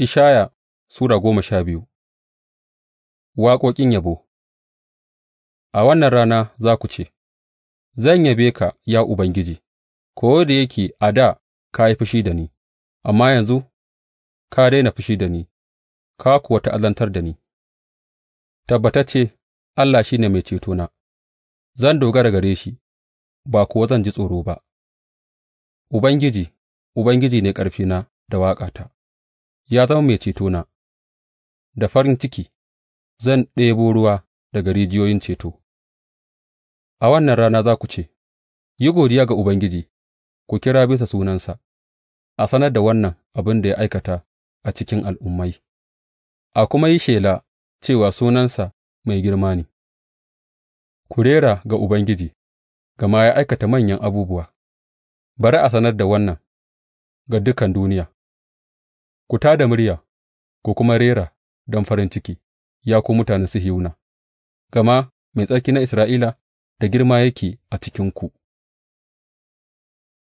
Ishaya Sura goma sha biyu Waƙoƙin yabo A wannan rana za ku ce, Zan yabe ka, ya Ubangiji, ko da yake a da ka yi fushi da ni, amma yanzu ka daina fushi da ni ka kuwa ta'azantar da ni; tabbatacce Allah shi ne mai cetona, zan dogara gare shi ba kuwa zan ji tsoro ba; Ubangiji, Ubangiji ne ƙarfina da waƙata. ya zama mai cetona; da farin ciki zan ɗebo ruwa daga rijiyoyin ceto A wannan rana za ku ce, Yi godiya ga Ubangiji, ku kira bisa sunansa; a sanar da wannan abin da ya aikata a cikin al'ummai, a kuma yi shela cewa sunansa mai girma ne; ku rera ga Ubangiji, gama ya aikata manyan abubuwa; bari a sanar da wannan ga dukan duniya. Ku tā da murya ku kuma rera don farin ciki, ya ku mutanen Sihiyona, gama Mai Tsarki na Isra'ila da girma yake a cikinku.